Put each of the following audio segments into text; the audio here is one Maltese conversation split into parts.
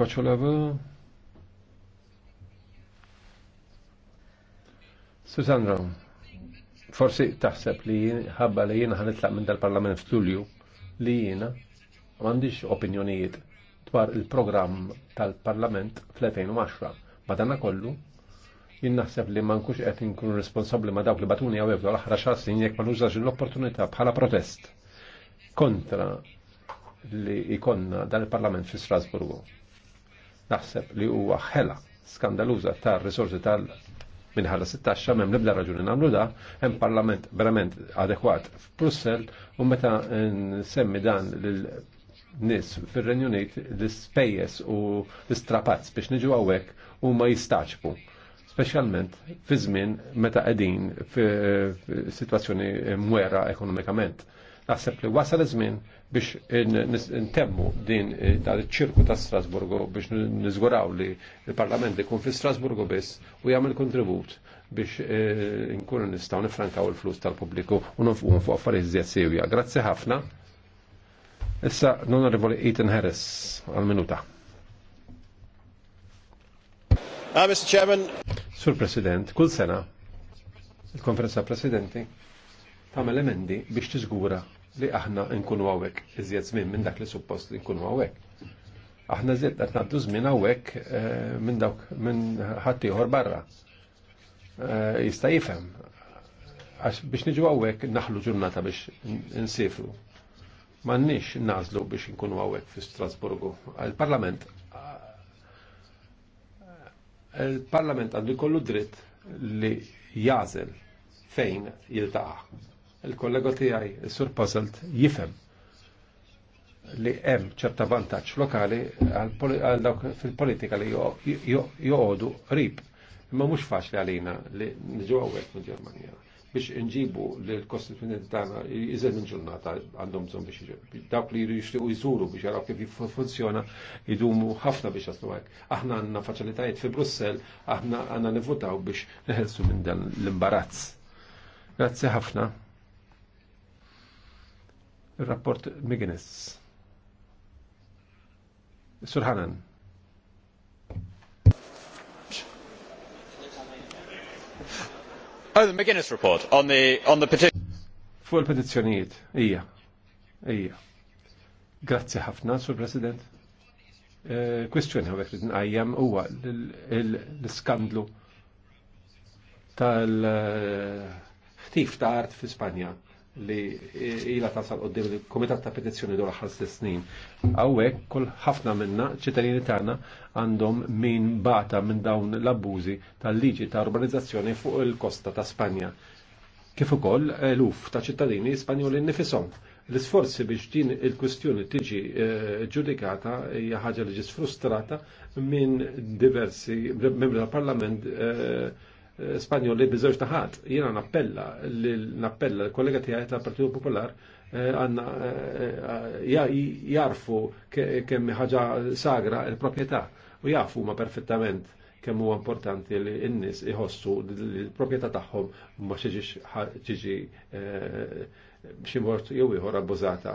level. Susandra, forsi taħseb li ħabba li jiena ħanitlaq minn dal-Parlament f'Tulju li jiena m'għandix opinjonijiet dwar il-programm tal-Parlament fl-2010. Madana kollu, jien naħseb li ma nkunx qed nkun responsabbli ma dawk li batuni għaw jibdu l-aħħar xar snin jekk ma nużax l-opportunità bħala protest kontra li ikonna dan il-Parlament fi Strasburgu naħseb li huwa ħela skandaluża ta' risorsi tal minħalla 16 mem libda raġuni namlu da, hemm parlament verament adekwat f'Brussel u meta nsemmi dan lil nis fir-Renju Unit l-spejjes u l-strapazz biex niġu hawnhekk u ma jistaċbu specialment fi żmien meta qegħdin fi situazzjoni mwera ekonomikament. Naħseb li wasal iż-żmien biex ntemmu din eh, dan iċ-ċirku ta' Strasburgu biex niżguraw li l-Parlament ikun fi Strasburgu biss u jagħmel kontribut biex eh, nkunu nistgħu nifrankaw il-flus tal-pubbliku u nonfuqhom fuq affarijiet żjed sewja. Grazzi ħafna. Issa l-Onorevoli Ethan Harris għal-minuta. Ah, Mr. Chairman. Sur President, kull sena il-konferenza presidenti tagħmel emendi biex tiżgura li aħna nkunu għawek iżjed żmien minn dak li suppost nkunu għawek. Aħna żied qed ngħaddu żmien għawek eh, minn dawk minn ħattijħor barra. Eh, jista' jifhem għax biex niġu għawek naħlu ġurnata biex nsifru. nix nazlu biex nkunu għawek fi Strasburgu. Il-Parlament il-Parlament għandu jkollu dritt li jażel fejn jiltaqa' il-kollega tiegħi il sur Puzzled jifem li hemm ċerta vantaċ lokali għal dawk fil-politika li joqogħdu qrib. Imma faċ li għalina li nġu għawet minn Ġermanja biex nġibu li l-Kostituzzjoni tagħna iżel minn ġurnata għandhom bżonn biex dawk li jixtiequ jżuru biex jaraw kif funzjona jidumu ħafna biex jaslu hekk. Aħna għandna faċilitajiet fi Brussel, aħna għandna nivutaw biex neħelsu minn dan l-imbarazz. Grazzi ħafna. Il-rapport Mignis. Surħanan. Oh, the McGuinness report on the on the petition. Fu il petizjoniet ija, ija. Grazie ħafna, Sur President. Eh, kwistjoni għawek li nqajjem huwa l-skandlu tal-ħtif eh, ta' art fi Spanja li ila tasal qoddim il-Komitat ta' Petizzjoni dwar aħħar snin. Hawnhekk kull ħafna minna ċittadini tagħna għandhom min bata minn dawn l-abbużi tal-liġi ta' urbanizzazzjoni fuq il-kosta ta' Spanja. Kif ukoll eluf eh, ta' ċittadini Spanjoli nifisom. L-isforzi biex din il-kwestjoni tiġi eh, ġudikata hija ħaġa li ġis frustrata minn diversi membri tal-Parlament eh, Spanjol li biżewġ taħat. Jiena nappella, nappella l-kollega tiegħi tal-Partit Popolar eh, għanna eh, eh, jarfu kemm ħaġa sagra il-proprjetà u jafu ma perfettament kemm huwa importanti li n-nies iħossu l-proprjetà tagħhom ma xieġiġ xi mort jew ieħor abbużata.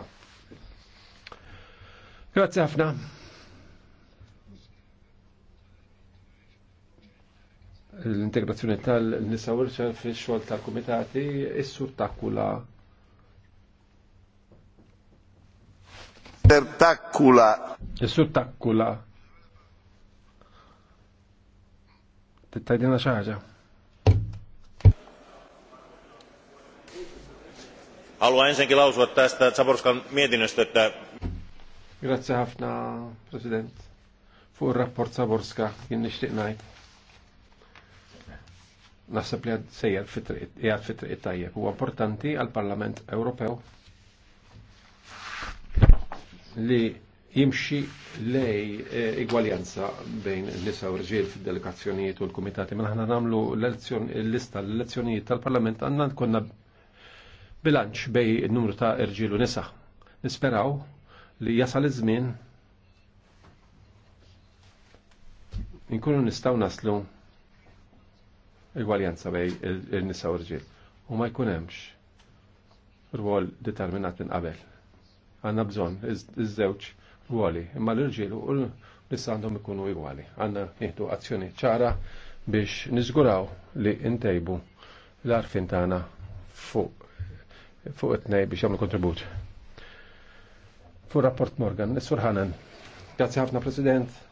Grazzi ħafna. l-integrazzjoni tal-nisa u l-ċel fi xol tal-kumitati issur takkula. Takkula. Issur takkula. Tittajdina xaħġa. Haluan ensinnäkin lausua tästä Zaborskan mietinnöstä, että... Grazie ħafna, President. Fuq il-rapport Zaborska, jinn nishtiq naħseb li għad sejjer jgħad fit-triq tajjeb. U importanti għal-Parlament Ewropew li jimxi lej eh, igwaljanza bejn nisa u rġiel fil-delegazzjonijiet u l-komitati. Mela ħna namlu l-lista l-elezzjonijiet tal-Parlament għandna konna bilanċ bej n-numru ta' rġiel u nisa. Nisperaw li jasal iż-żmien inkunu nistgħu naslu igwaljanza bej il-nisa u rġil. U ma jkunemx rwol determinat minn qabel. Għanna bżon iż żewċ rwoli, imma l rġil u l-nisa għandhom ikunu igwali. Għanna jihdu azzjoni ċara biex nizguraw li intejbu l-arfin tana fuq fuq it-nej biex jagħmlu kontribut. Fuq rapport Morgan, Sur Hanan. Grazzi ħafna President.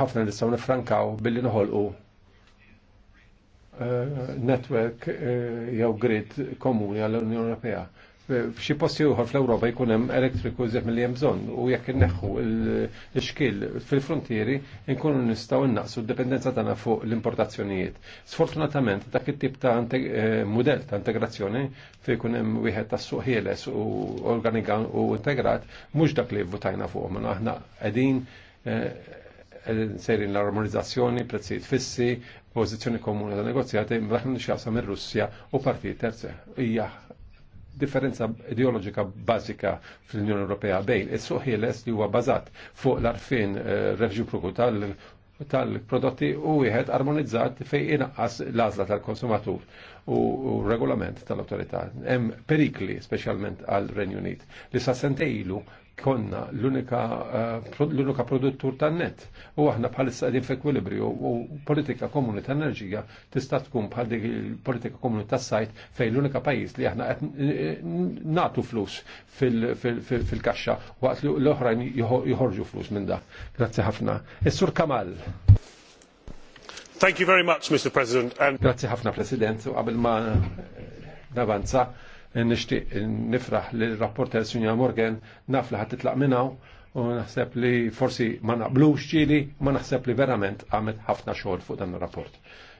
ħafna nistgħu nifrankaw billi noħolqu Eh, network eh, jew grid komuni għall-Unjoni Ewropea. Eh, f'xi posti uħor fl-Ewropa jkun hemm elettriku iżjed milli hemm bżonn u jekk inneħħu l-xkil fil-frontieri nkunu nistgħu innaqsu d dependenza tagħna fuq l-importazzjonijiet. Sfortunatament dak it-tip ta' mudell ta' integrazzjoni fejn jkun hemm wieħed ta' suq ħieles u organikan u integrat mhux dak li vvutajna fuq aħna qegħdin sejrin l-armonizzazzjoni, prezzijiet fissi, pożizzjoni komuni ta' negozjati, mbaħn xjaqsam ir-Russja u partijiet terzi. Hija differenza ideoloġika bażika fl-Unjoni Ewropea bejn is-suq ħieles li huwa bażat fuq l-arfin eh, reġipruku tal-prodotti u wieħed armonizzat fejn inaqqas l-għażla tal-konsumatur u regolament tal-autorità. Hemm perikli speċjalment għal Renju Unit li sa sentejlu konna l-unika eh, produttur tan-net. U aħna bħalissa għedin f'ekwilibrju u politika komuni ta' enerġija tista' tkun bħal dik il-politika komuni ta' sajt fej l-unika pajis li aħna qed eh, eh, nagħtu flus fil-kaxxa waqt li l-oħrajn joħorġu flus minn da. Grazzi ħafna. Is-Sur Kamal. Thank you very much, Mr. President. And... Grazie ħafna, President. U qabel ma navanza, nishtiq nifraħ li r-rapport tal Sunja Morgan naf li ħat titlaq minnaw u naħseb li forsi ma naqblux ġili ma naħseb li verament għamet ħafna xogħol fuq dan ir-rapport.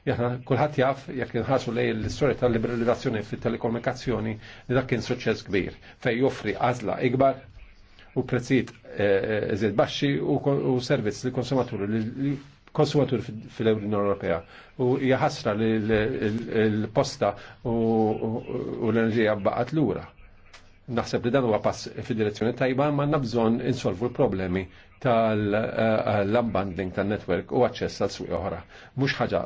Jaħna kulħadd jaf jekk inħarsu lej l-istorja tal-liberalizzazzjoni fit-telekomunikazzjoni li dak kien suċċess kbir fej joffri għażla ikbar u prezzijiet iżid eh, eh, baxxi u servizz li konsumaturi li konsumatur fil-Unjoni Ewropea. U jaħasra li l-posta u l-enerġija baqat lura. Naħseb li dan huwa pass fid-direzzjoni tajba ma nabżon insolvu l-problemi tal-unbundling tal-network u aċċess għal swieq oħra. Mhux ħaġa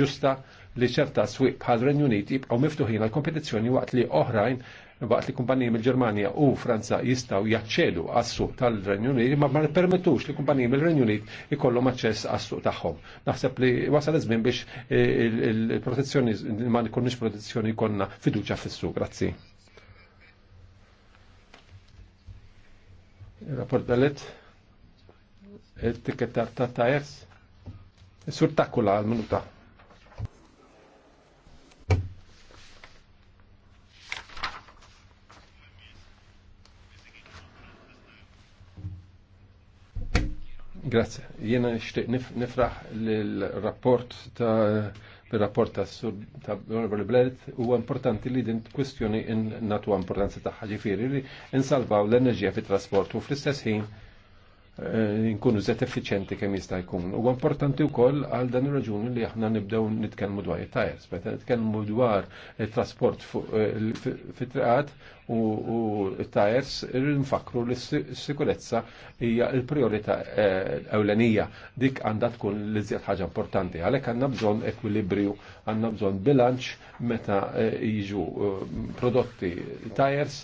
ġusta li ċerta swieq bħal Renju Unit jibqgħu miftuħin għal kompetizzjoni waqt li oħrajn waqt li kumpaniji mill-Ġermanja u Franza jistaw jaċċedu għas-suq tal-Renju Unit, ma ma permettux li kumpaniji mill-Renju Unit ikollhom aċċess għas-suq tagħhom. Naħseb li wasal iż-żmien biex eh, il-protezzjoni ma nkunniex protezzjoni jkollna fiduċja fis-suq. Grazzi. Il-rapport dalet il-tikket ta' tajers. Sur takkula għal-minuta. Grazie. Jena xtiq nifraħ l-rapport ta' l rapport ta' sur ta' Honorable Bled u importanti li din kwestjoni natu importanza ta' ħagġifiri li insalvaw l-enerġija fit trasport u fl-istess ħin Eh, nkunu zet effiċenti kemm jista' jkun. U importanti wkoll għal dan ir-raġuni li aħna nibdew nitkellmu dwar it-tajers, meta nitkellmu dwar it-trasport eh, fit-triqat u tajers nfakru li s-sikurezza hija l-priorità eh, ewlenija. Dik għandha tkun li żjed ħaġa importanti. Għalhekk għandna bżonn ekwilibrju, għandna bżonn bilanċ meta jiġu prodotti tajers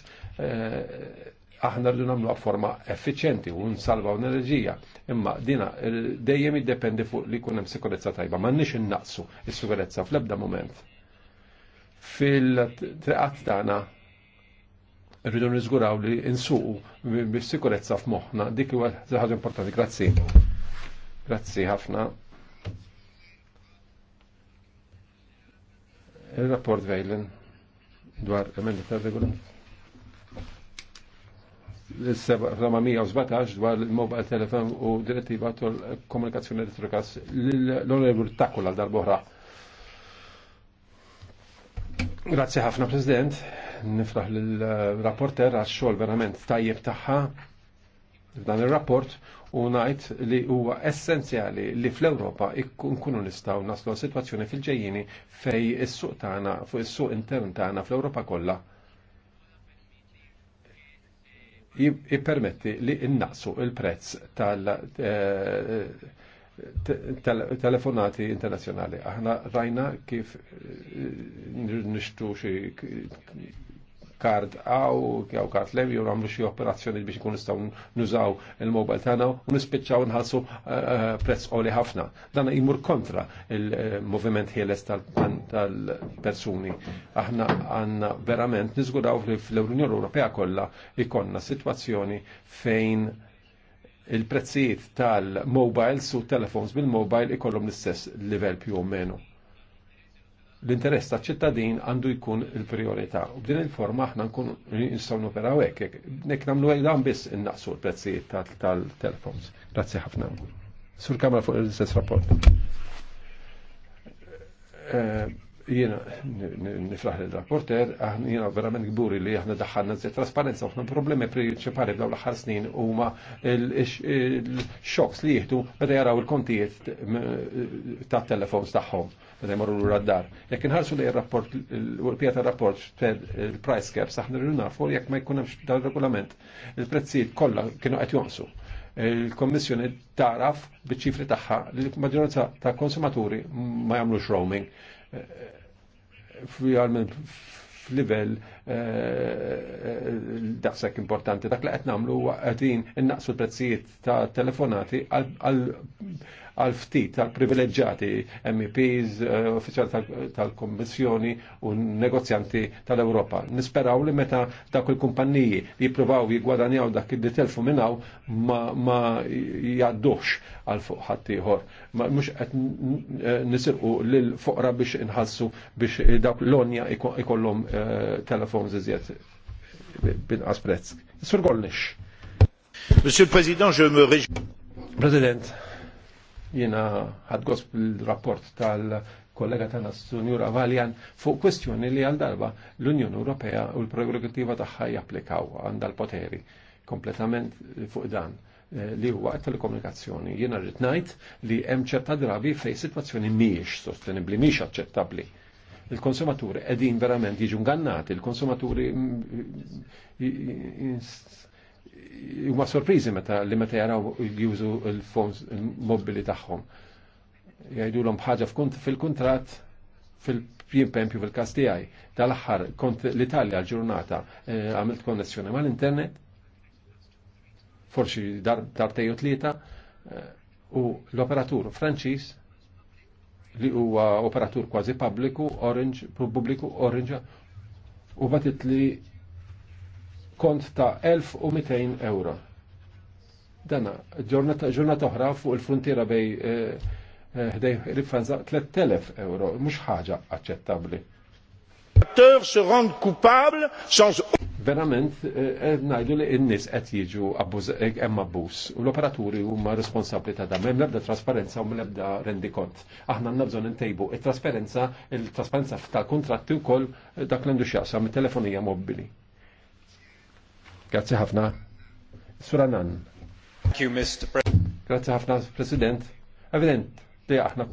aħna rridu nagħmluha forma effiċjenti u nsalvaw enerġija. Imma dina eh, dejjem jiddependi fuq li jkun hemm sikurezza tajba, m'għandniex innaqsu s-sikurezza fl-ebda moment. Fil-triqat tagħna rridu niżguraw li nsuqu bis-sikurezza f'moħħna dik huwa ħaġa importanti. Grazzi. Grazzi ħafna. Il-rapport Vejlen dwar emendi tal regolament l dwar il-mobile telefon u direttiva tal komunikazzjoni elettrika l-onorevoli Takula darbohra. Grazie ħafna President, nifraħ l-rapporter għax xogħol verament tajjeb tagħha f'dan ir-rapport u ngħid li huwa essenzjali li fl-Ewropa nkunu nistgħu naslu situazzjoni fil-ġejjini fej is-suq tagħna fuq is-suq intern tagħna fl-Ewropa kollha jippermetti li innaqsu il-prezz tal-telefonati eh, internazjonali. Aħna rajna kif eh, nishtu xie kard għaw, għaw kard levi, u għamlu xie operazzjoni biex ikun nistaw nużaw il-mobile tana u nispiċċaw nħalsu eh, eh, prezz oli ħafna. Dan imur kontra il-moviment ħieles tal-persuni. Aħna għanna verament nizgudaw li fl-Unjoni Ewropea kollha ikonna situazzjoni fejn il-prezzijiet tal-mobiles u telefons bil-mobile ikollhom l-istess livell più u menu l-interess ta' ċittadin għandu jkun il-priorità. U b'din il-forma aħna nkun nistgħu noperaw hekk. Nek nagħmlu hekk dan biss innaqsu l-prezzijiet tal-telefons. Grazzi ħafna. Sur kamra fuq il-istess rapport. Jiena nifraħ il-rapporter, jiena verament gburi li aħna daħħalna zi trasparenza, aħna problemi prinċipali b'daw l-aħħar snin huma l-xoks li jieħdu meta jaraw il-kontijiet tat telefons tagħhom meta jmorru lura d-dar. Jekk inħarsu li rapport l-Ewropija tar-rapport il-price caps aħna rridu nafu jekk ma jkun hemmx regolament il-prezzijiet kollha kienu qed jonsu. Il-Kommissjoni taraf biċ-ċifri tagħha li l-maġġoranza ta' konsumaturi ma jagħmlux roaming eh, f'livell eh, daqshekk importanti. Dak li qed nagħmlu huwa qegħdin innaqsu l-prezzijiet ta' telefonati għal għal ftit tal-privileġġati MEPs, eh, uffiċjali tal-Kommissjoni u negozjanti tal-Ewropa. Nisperaw li meta dak il-kumpanniji jippruvaw jigwadanjaw dak li telfu minnaw ma jgħaddux għal fuq ħaddieħor. Mhux qed eh, nisirqu lil foqra biex inħassu biex dawk l-onja ikollhom eh, telefons iżjed binqas prezz. Sur Gollnish. Monsieur le Président, je me réjouis. Président. Jena ħadgosb il-rapport tal-kollega tagħna Sunjura Avaljan fuq kwestjoni li għal darba l-Unjoni Ewropea u l-prerogativa tagħha japplikaw għandha l-poteri kompletament fuq dan eh, li huwa telekomunikazzjoni. Jiena rrid ngħid li hemm ċerta drabi fejn sitwazzjoni mhijiex sostenibbli, mhijiex aċċettabbli. Il-konsumaturi qegħdin verament jiġu ngannati, il-konsumaturi mm, huma sorpriżi meta li meta jaraw jużu l-phones mobili tagħhom. Jgħidulhom bħaġa fil-kuntratt fil-pjimpenpju fil-kas tiegħi. Tal-aħħar kont l-Italja l-ġurnata eh, għamilt konnessjoni mal-internet, forsi darbtej u tlieta, eh, u l-operatur Franċiż li huwa operatur kważi pubbliku, Orange, pubbliku Orange, u batit li kont ta' 1200 euro. Dana, ġurnata, ġurnata oħra fuq il-frontiera bej ħdej eh, eh rifanza 3000 euro, mhux ħaġa aċċettabbli. Se rend coupable sans verament eh, najdu li n-nis qed jiġu eh, hemm abbuż u l-operaturi huma responsabbli ta' dam hemm l-ebda trasparenza u l-ebda rendikont. Aħna għandna bżonn intejbu it-trasparenza, il-trasparenza tal-kuntratti wkoll dak l-għandu x'jaqsam mit telefonija mobili. Grazzi ħafna. Suranan. Grazzi ħafna, President. Evident, li aħna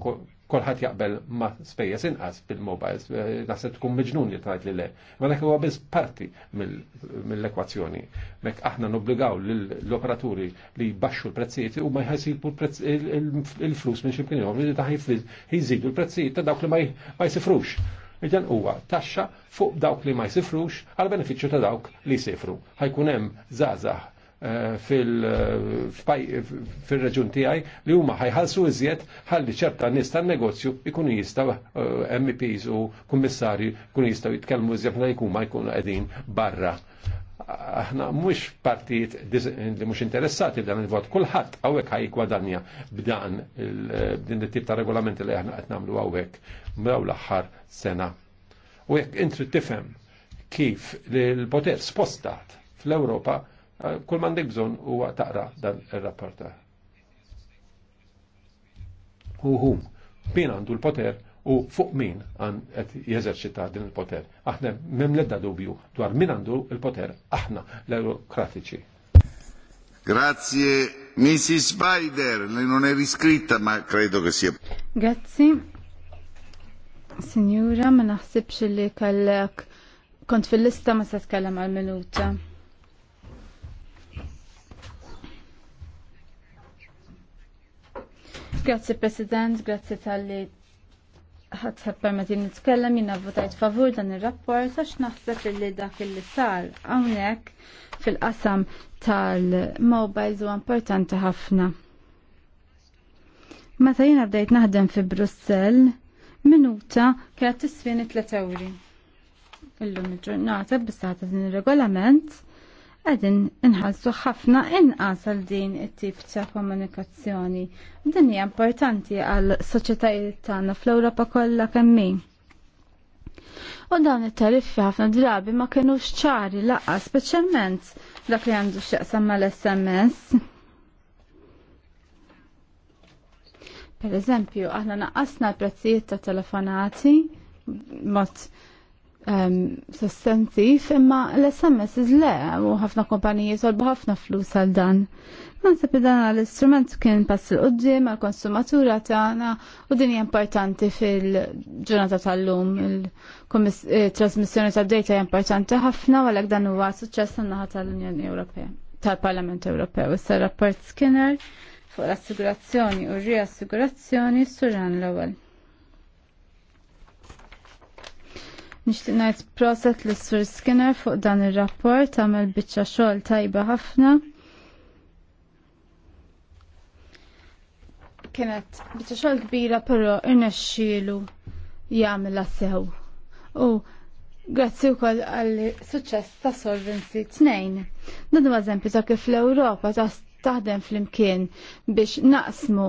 kolħat jaqbel ma spejjeż inqas bil-mobiles, eh, naħseb tkun miġnun li tajt li le. Ma dak huwa biss parti mill-ekwazzjoni. Mek aħna nobbligaw l-operaturi li jbaxxu l-prezzijiet u ma jħasilbu il-flus minn ximkien li taħjif jżidu l-prezzijiet ta' dawk li ma jsifrux dan huwa taxxa fuq dawk li ma jsifrux għal benefiċċju ta' dawk li jsifru. Ħajkun hemm żgħażagħ eh, eh, fil-reġun tiegħi li huma ħajħalsu iżjed ħalli ċerta nies tan-negozju jkunu jistgħu eh, MPs u kummissarji jkunu jistgħu jitkellmu iżjed meta ma jkunu qegħdin barra aħna mhux partijiet li mhux interessati b'dan il-vot, kulħadd hawnhekk ħajkwadanja b'dan din it-tip ta' regolamenti li aħna qed nagħmlu hawnhekk mraw l-aħħar sena. U jekk intri tifhem kif li l-poter spostat fl-Ewropa, eh, kull m'għandek bżonn huwa taqra dan ir-rapporta. Uhu, min għandu l-poter u fuq min għan qed jeżerċita din il-poter. Aħna mem ledda dubju dwar min għandu il-poter aħna l-eurokratiċi. Grazie Mrs. Spider, lei non è riscritta ma credo che sia. Grazie. Signora, ma naħsibx li kellek kont fil-lista ma se tkellem għal-minuta. Grazie President, grazie tal-li ħadd permetti nitkellem jien votajt favur dan ir-rapport għax naħseb li dak li sar hawnhekk fil-qasam tal-mobiles huwa importanti ħafna. Meta jiena bdejt naħdem fi Brussell, minuta kienet tisfini 3 ewri. Illum il-ġurnata bissata din ir-regolament għedin inħassu ħafna inqas għal din it-tip ta' komunikazzjoni. Din hija importanti għal soċjetajiet tagħna fl-Ewropa kollha kemmi. U dawn it-tariffi ħafna drabi ma kinux ċari laqqa, speċjalment dak li għandu x'jaqsam mal-SMS. Per eżempju, aħna naqqasna l-prezzijiet ta' telefonati mod sostantiv imma l-SMS iż-le u ħafna kompanija jisolbu ħafna flus għal dan. Nansab dan l-istrument kien pass l-qoddim għal konsumatura tagħna u din hija importanti fil-ġurnata tal-lum il-trasmissjoni eh, tad-data hija importanti ħafna u għalhekk dan huwa suċċess tan-naħa tal-Unjoni Ewropea tal-Parlament Ewropew. Issa rapport Skinner fuq l-assigurazzjoni u r-riassigurazzjoni surran l-ewwel. Nixtieq ngħid proset l sur Skinner fuq dan ir-rapport għamel biċċa xogħol tajba ħafna. Kienet biċċa xogħol kbira però irnexxielu jgħamil sew. U grazzi wkoll għall suċċess ta' solvenzi t Dan Nadu għazempi ta' kif l-Ewropa ta' taħdem fl-imkien biex naqsmu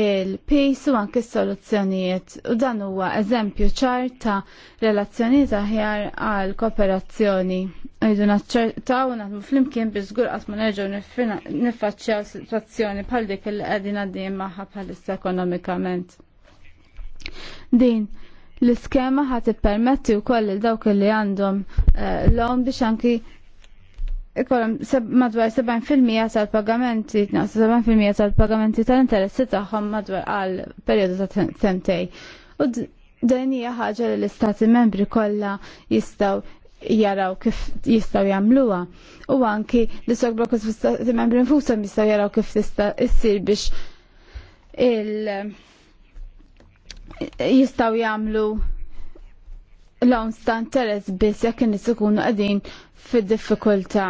il-pejs u anke soluzzjonijiet u dan huwa eżempju ċar ta' relazzjonijiet aħjar għal kooperazzjoni. Rridu naċċertaw naħdmu fl-imkien biex żgur qatt ma nerġgħu niffaċċjaw sitwazzjoni bħal dik għedin qegħdin maħħa magħha bħalissa ekonomikament. Din, l-iskema ħat permetti u koll dawk li għandhom eh, l għom biex anki ikollhom madwar 7% tal-pagamenti, 7% tal-pagamenti tal-interessi tagħhom madwar għal perjodu ta' sentej. U d hija ħaġa li l-istati membri kollha jistgħu jaraw kif jistaw jagħmluha. U anki li sok blokkos fl-istati membri nfushom jistgħu jaraw kif tista' issir biex il jistgħu jagħmlu lawn stan teres biss jekk nis ikunu qegħdin fid-diffikultà.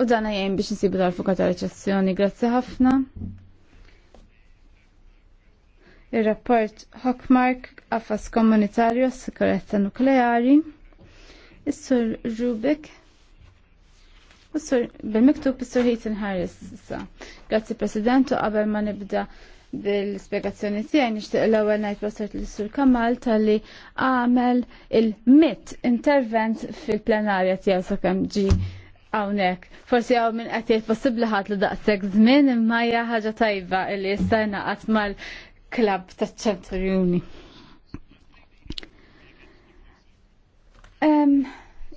U dan jgħin biex nsibu dal fuka ta' reċessjoni. Grazzi ħafna. Ir-rapport Hockmark għafas komunitarju s sikuretta nukleari. Is-sur Rubik. U s-sur bil-miktub is-sur Heaton Harris. Grazzi President u qabel ma nibda bil-spiegazzjoni tiegħi nixtieq l-ewwel ngħid proset li sur Kamal talli għamel il-mit intervent fil-plenarja tiegħu sakemm ġi hawnhekk. Forsi hawn min qed jgħid possibbli ħadd li daqshekk żmien imma hija ħaġa tajba li jista' jingħaqad mal-klabb taċ-Ċenturjuni.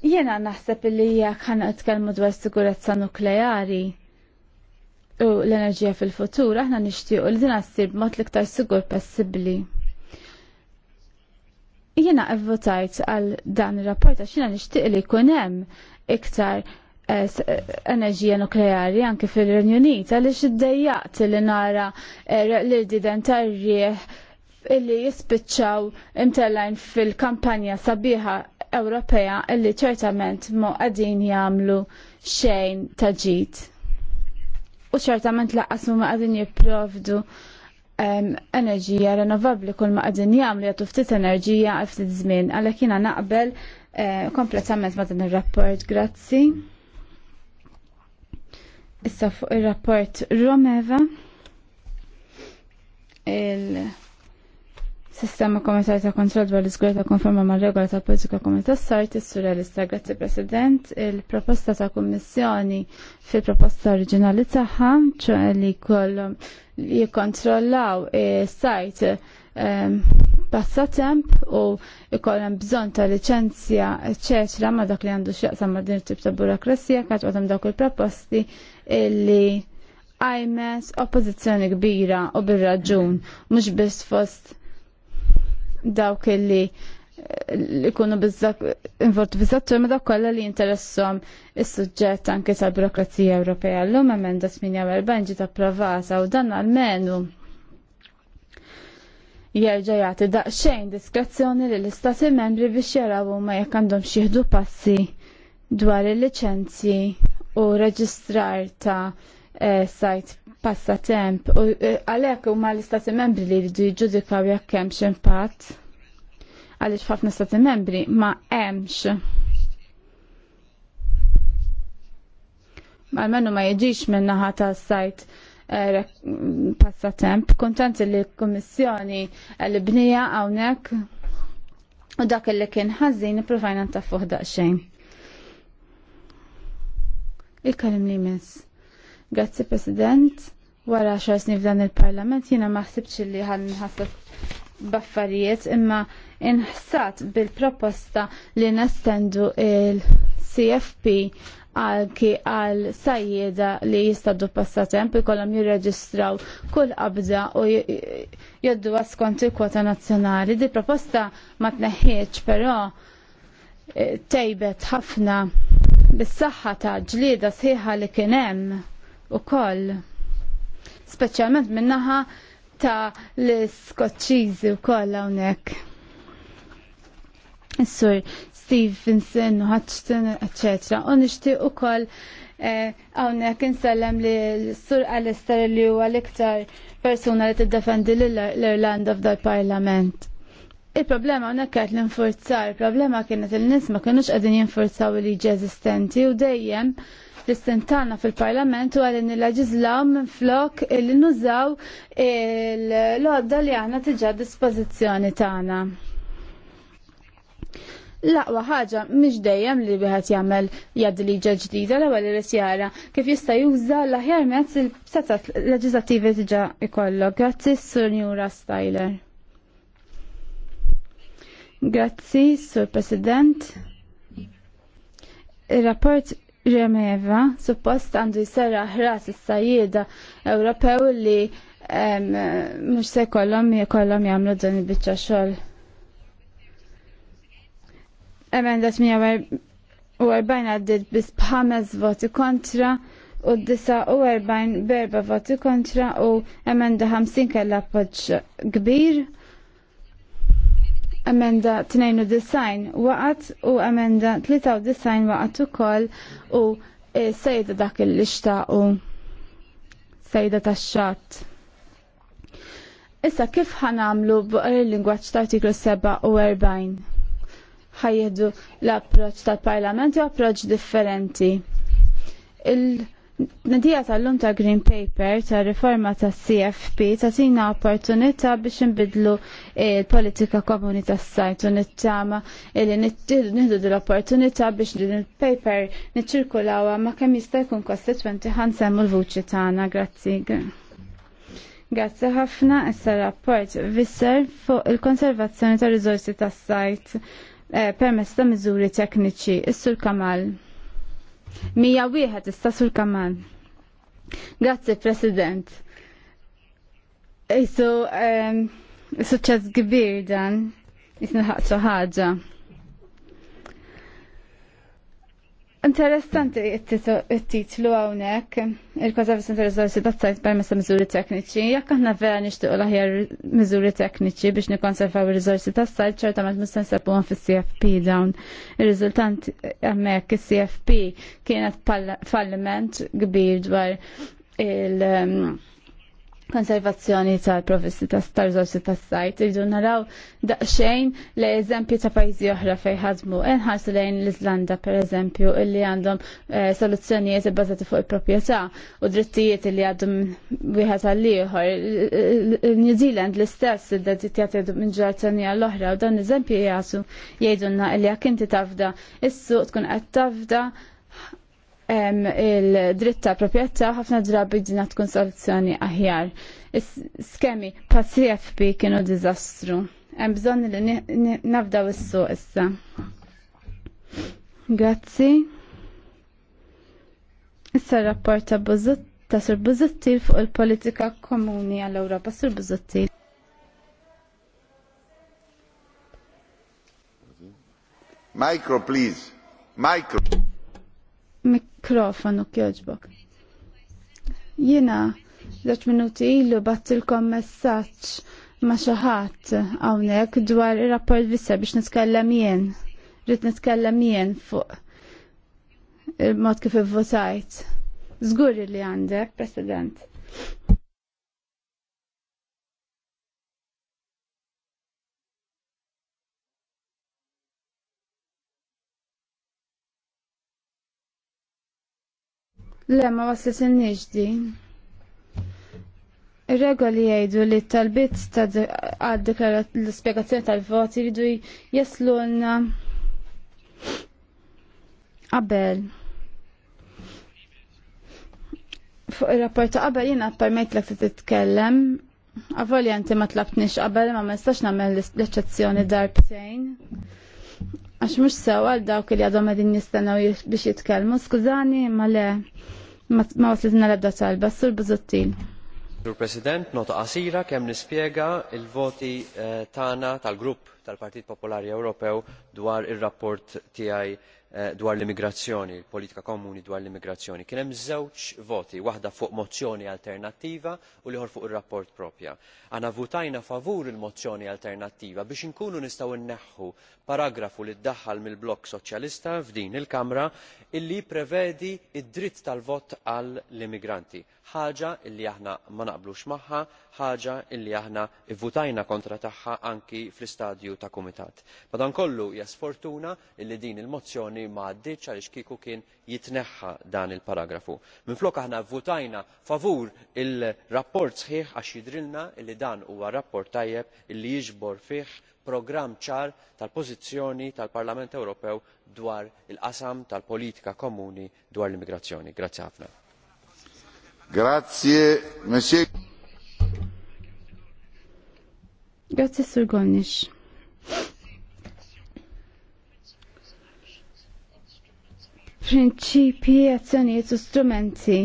Jena naħseb li jekk ħana tkellmu dwar sigurezza nukleari u l-enerġija fil-futur, aħna nixtiequ dina din sib b'mod l-iktar sigur possibbli. Jiena evvotajt għal dan ir-rapport għax jiena nixtieq li jkun hemm iktar eh, eh, enerġija nukleari anke fil-Renju Unit għaliex iddejjaqt li nara eh, l-irdiden tarrieh rieħ illi jispiċċaw imtellajn fil-kampanja sabiħa Ewropea illi ċertament ma għadin jagħmlu xejn ta' ġid u ċertament laqqas ma qegħdin jipprovdu enerġija rinnovabbli kull ma qegħdin jagħmlu jagħtu ftit enerġija għal ftit żmien għalhekk jiena naqbel eh, kompletament ma' din ir-rapport. Grazzi. Issa fuq ir-rapport Romeva il- Sistema Komunitarja ta' Kontroll dwar l ta' konferma ma' regola ta' politika komunità sart is-surrealista. Grazzi President, il-proposta ta' Kummissjoni fil-proposta oriġinali tagħha li kollhom jikkontrollaw eh, sajt ehm, passatemp u jkollhom bżonn ta' liċenzja ċeċra ma' dak li għandu x'jaqsam ma' din tip ta' burokrasija kaċ għadhom dawk il-proposti illi għajmes oppożizzjoni kbira u bir-raġun mhux biss fost dawk illi eh, li kunu bizzak involvizzatur ma dawk kollha li interessom is-suġġett anke tal burokrazija Ewropea. L-lum emenda 48 ġiet approvata u dan għalmenu jerġa' jagħti daqsxejn diskrezzjoni lill istati membri biex jaraw huma jekk għandhom xieħdu passi dwar il-liċenzji u reġistrar ta' eh, sajt passatemp u e, għalhekk huma l-istati membri li jridu jġudikaw jekk hemm impatt għaliex ħafna stati membri ma hemmx. Almenu ma jiġix minn naħa ta' sajt e, passatemp. Kontent li l-Kummissjoni e, l-bnija hawnhekk u dak li kien ħażin ipprovajna ta' fuħda daqsxejn. Il-kalim li miss. Grazzi President. Wara xar snin f'dan il-Parlament jiena ma ħsibx li ħanħassab baffarijiet imma inħsat bil-proposta li nestendu il-CFP għalki għal sajjeda li jistaddu passatemp ikollhom jirreġistraw kull qabda u joddu skont il-kwota nazzjonali. Di proposta ma tneħħieċ però eh, tejbet ħafna bis-saħħa ta' ġlieda sħiħa li kien hemm u koll. Specialment minnaħa ta' l-Skoċċiżi u koll hawnhekk. Is-sur Stevenson u Hutchton, eccetera. U nixtieq ukoll għawnek eh, insellem li sur Alistair li huwa l-iktar persuna li tiddefendi l-Irlanda f'dal parlament. Il-problema għonek kħet l-infurzar, il-problema kienet il-nis ma kienux għadin jinfurzaw il-liġi eżistenti u dejjem l-istentana fil-parlament u għalin il-leġizlaw minn flok il nużaw l għodda li għana tiġa dispozizjoni tagħna. Laqwa ħaġa mhix dejjem li wieħed jagħmel jad liġa ġdida l-ewwel irid jara kif jista' juża l-aħjar mezz il-setat leġislattivi diġà ikollok. Grazzi Sur Njura Styler. Grazzi, Sur President. Il-rapport Remeva suppost għandu jserra ħras is sajjida Ewropew li mhux se jkollhom jkollhom jagħmlu dan il-biċċa xogħol. Emenda 48 għaddit bis bħames voti kontra u d 49 berba voti kontra u emenda 50 kellha poċ kbir emenda 92 waqat u emenda 93 waqat ukoll u e, sejda dak il u sejda tax-xatt. Issa kif ħanamlu il lingwaċ ta' artiklu 40? ħajjedu l-approċ tal-parlament u approċ differenti. Il- Nadija tal-lum ta' Green Paper ta' riforma ta' CFP ta' tina opportunità biex nbidlu il-politika komuni ta' sajt u nittama illi niddu dil-opportunità biex din il-paper nitċirkulawa ma' kemm jista' jkun kostituenti ħansemmu l-vuċi tagħna. Grazzi. Grazzi ħafna issa rapport visser fuq il-konservazzjoni ta' rizorsi ta' sajt eh, permess ta' miżuri tekniċi. Is-Sur Kamal. Mija wieħed sur kamal. Grazzi, President. Isu, um, suċċess kbir dan, jisna ħaġa. Interessanti il-titlu għawnek, il-Konservation tal-Risorsi dat-sajt permessa mizuri tekniċi, jekk aħna vera nixtiequ l-aħjar miżuri tekniċi biex nikonservaw ir-risorsi tas-sajt ċertament mhux nsebuhom fis-CFP dawn. ir rizultant hemmhekk is-CFP kienet falliment kbir dwar il- konservazzjoni tal-provvisti tal-rizorsi tas-sajt irridu naraw daqsxejn li eżempju ta' pajjiżi oħra fejn ħadmu inħarsu lejn l-Iżlanda pereżempju illi għandhom eh, soluzzjonijiet ibbażati fuq il-proprjetà u drittijiet li għadhom wieħed għal ieħor. New Zealand l-istess id-dedittjat għadhom minn ġartanija l-oħra u dan eżempju jgħasu jgħidulna li jekk inti tafda issu suq tkun qed tafda il dritta ta' proprjetà ħafna drabi dina tkun soluzzjoni aħjar. Skemi pazzi CFP kienu dizastru. Hemm bżonn li nafdaw is-suq issa. Grazzi. Issa rapport ta' Buzzut ta' Sur Buzzuttil fuq il-politika komuni għall-Ewropa Sur Buzzuttil. Micro, please. Micro mikrofonu kjoġbok. Jina, zaċ minuti ilu battilkom messaċ ma xaħat għawnek dwar il-rapport vissa biex nitkellem jien. Rrit nitkellem jien fuq il-mod kif votajt. Zguri li għandek, President. Le, ma waslet il-nġdi. Regoli jgħidu li tal-bit ta' għad l-spiegazzjoni tal-voti jridu jaslunna qabel. Fuq il-rapport ta' qabel jina permejt l titkellem. Għavoli għanti ma tlabtnix qabel ma ma nistax namel l-eċezzjoni darbtejn. Għax mux sewa għal dawk li għadhom għedin jistennaw biex jitkellmu, skużani, ma le, ma waslitna l-ebda talba, sur bizottin. Sur President, nota qasira kemm nispjega il-voti eh, tana tal-grupp tal-Partit Popolari Ewropew dwar ir-rapport tiegħi Eh, dwar l-immigrazzjoni il-politika komuni dwar l-immigrazzjoni kien hemm żewġ voti waħda fuq mozzjoni alternattiva u l-ieħor fuq ir-rapport proprja. Aħna votajna favur il-mozzjoni alternattiva biex inkunu nistgħu nneħħu paragrafu li ddaħħal mill-blokk soċjalista f'din il-Kamra illi prevedi id-dritt tal-vot għall immigranti ħaġa illi aħna ma naqblux magħha, ħaġa illi aħna votajna kontra tagħha anki fl-istadju ta' kumitat. Madankollu hija sfortuna illi din il-mozzjoni naħseb li ma għaddiċ għaliex kieku kien jitneħħa dan il-paragrafu. Minflok aħna vvutajna favur il-rapport sħiħ għax jidrilna li dan huwa rapport tajjeb li jiġbor fih programm ċar tal-pożizzjoni tal-Parlament Ewropew dwar il-qasam tal-politika komuni dwar l-immigrazzjoni. Grazie ħafna. Grazie, Monsieur. Grazie, Sir Gornish. prinċipji, azzjonijiet u strumenti.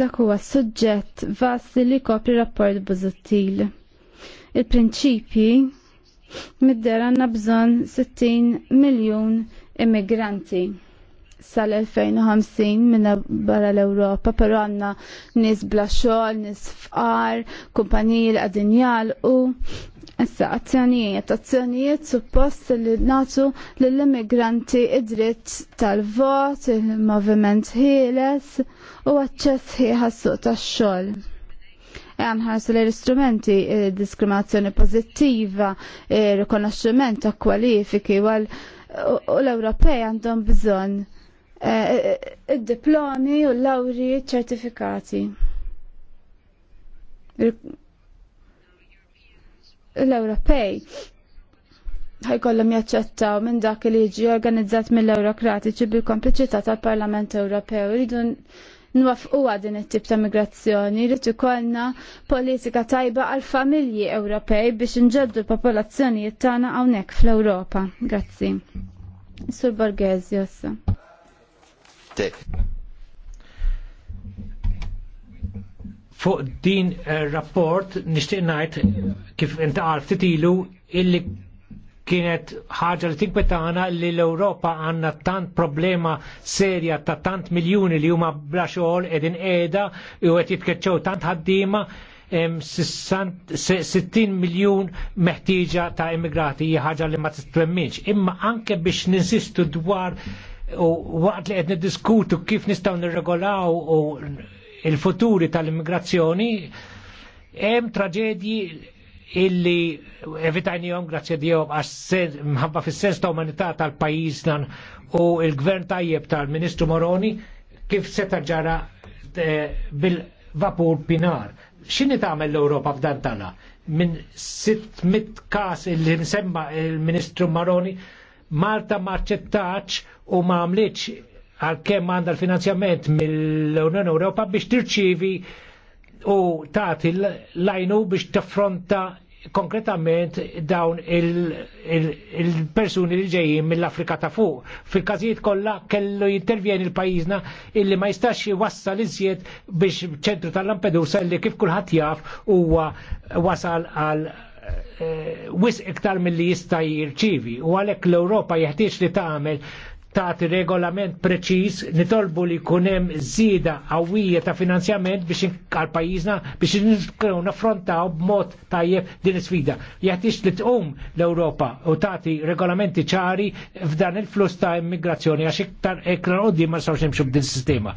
Dak huwa suġġett vast li kopri rapport bużuttil. Il-prinċipji mid-dera għandna bżonn 60 miljun immigranti sal-2050 minna barra l-Europa, pero għanna nis bla xol, nis fqar, kumpaniji l-għadin u Issa, azzjonijiet, azzjonijiet suppost li natu l-immigranti id-dritt tal-vot, il-moviment ħieles u għacċess suq tax-xol. E għanħarsu l-istrumenti diskriminazzjoni pozittiva, rikonoxximent ta' kwalifiki u l-Ewropej għandhom bżonn Eh, id-diplomi u l-lawri ċertifikati. L-Ewropej ħajkollhom jaċċettaw minn dak li jiġi organizzat mill eurokratiċi bil-kompliċità tal-Parlament Ewropew. Rridu nwafquha din it-tip ta' migrazzjoni, rrid ikollna politika tajba għal familji Ewropej biex nġeddu l-popolazzjonijiet tagħna hawnhekk fl-Ewropa. Grazzi. Sur Borghezi 7. Fuq din eh, rapport nixtieq ngħid kif intqal ftit ilu illi kienet ħaġa li tikbetana li l-Europa għanna tant problema serja ta' tant miljoni li huma bla xogħol edin qiegħda u qed jitkeċċew tant ħaddiema 60 miljun meħtieġa ta' immigrati hija ħaġa li ma tistwemminx. Imma anke biex ninsistu dwar u waqt li qed niddiskutu kif nistgħu nirregolaw u il-futuri tal-immigrazzjoni hemm traġedji illi evitajnijom grazzi Dijom għax mħabba fis-sens ta' umanità tal-pajjiż u il-gvern tajjeb tal-Ministru Moroni kif seta ġara eh, bil-vapur pinar. X'inhi tagħmel l-Ewropa f'dan tana Min 600 il-li nsemma il-Ministru Moroni Malta marċettaċ u ma għamliċ għal-kem għanda l-finanzjament mill-Unjoni Ewropa biex tirċivi u tagħti l-lajnu biex taffronta konkretament dawn il-persuni il, il li ġejjin mill-Afrika ta' fuq. Fil-każijiet kollha kellu jintervjeni l-pajjiżna illi ma jistax jwassal iżjed biex ċentru tal-Lampedusa illi kif kulħadd jaf huwa wasal għal Eh, wis iktar mill-li jista' jirċivi u għalhekk l-Ewropa jeħtieġ li tagħmel tagħti regolament preċiż nitolbu li jkun hemm żieda qawwija ta' finanzjament biex għal pajjiżna biex nitkunu naffrontaw b'mod tajjeb din is-sfida. Jeħtieġ li tqum l-Ewropa u tagħti regolamenti ċari f'dan il-flus ta' immigrazzjoni għax iktar ekran qudiem ma sawx nimxu b'din sistema.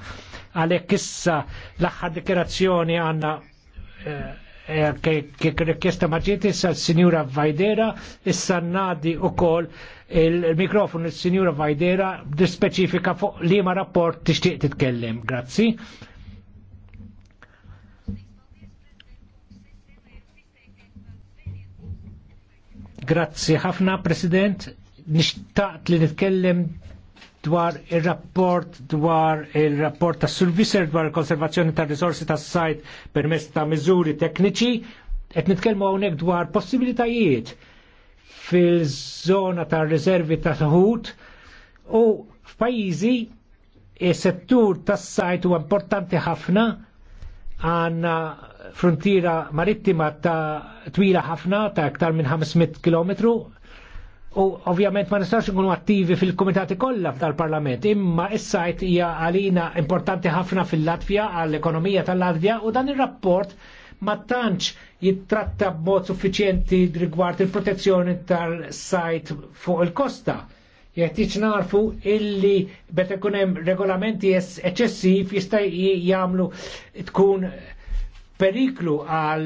Għalhekk issa l-aħħar dikerazzjoni għandna eh, kif rikjesta maġiet issa s-Sinjura Vajdera, issa sannadi u kol il-mikrofon il-Sinjura Vajdera dispeċifika fuq li ma rapport tixtieq titkellem. Grazzi. Grazzi ħafna, President. Nishtaqt li nitkellem dwar il-rapport dwar il-rapport ta' surviser dwar il-konservazzjoni ta' risorsi ta' sajt permess ta' mizuri tekniċi, et nitkelmu għonek dwar possibilitajiet fil zona ta' rezervi ta' taħut u f'pajizi il settur tas sajt u importanti ħafna għanna frontiera marittima ta' twila ħafna ta' aktar minn 500 km U ovvjament ma nistax nkunu attivi fil-komitati kollha tal-Parlament, imma is-sajt hija għalina importanti ħafna fil-Latvja għall-ekonomija tal-Latvja u dan ir-rapport ma tantx jittratta b'mod suffiċjenti rigward il-protezzjoni tal-sajt fuq il-kosta. Jeħtieġ narfu illi bet ikun hemm regolamenti eċċessiv jista' jagħmlu tkun periklu għal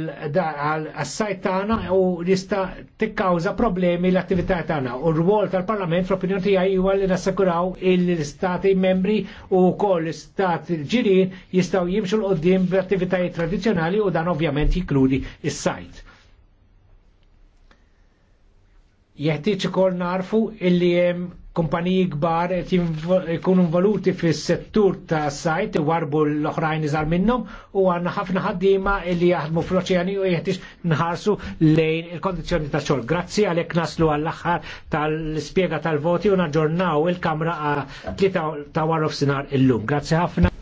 sajt tagħna u jista' tikkawża problemi l-attività tagħna. U r wol tal-Parlament fl-opinjoni tiegħi huwa li nassakuraw il-istati membri u wkoll l-istati ġirien jistgħu jimxu l-qudiem b'attivitajiet tradizzjonali u dan ovvjament jikludi is-sajt. jeħtieġ ukoll narfu illi hemm kumpaniji kbar qed jkunu involuti fis-settur ta' sajt warbu l-oħrajn iżgħar minnhom u għandna ħafna ħaddiema li jaħdmu fl-oċeani u jeħtiex nħarsu lejn il-kondizzjoni ta' xogħol. Grazzi għalhekk naslu għall-aħħar tal ispjega tal-voti u naġġornaw il-Kamra għal tlieta ta' warrof sinar illum. Grazzi ħafna.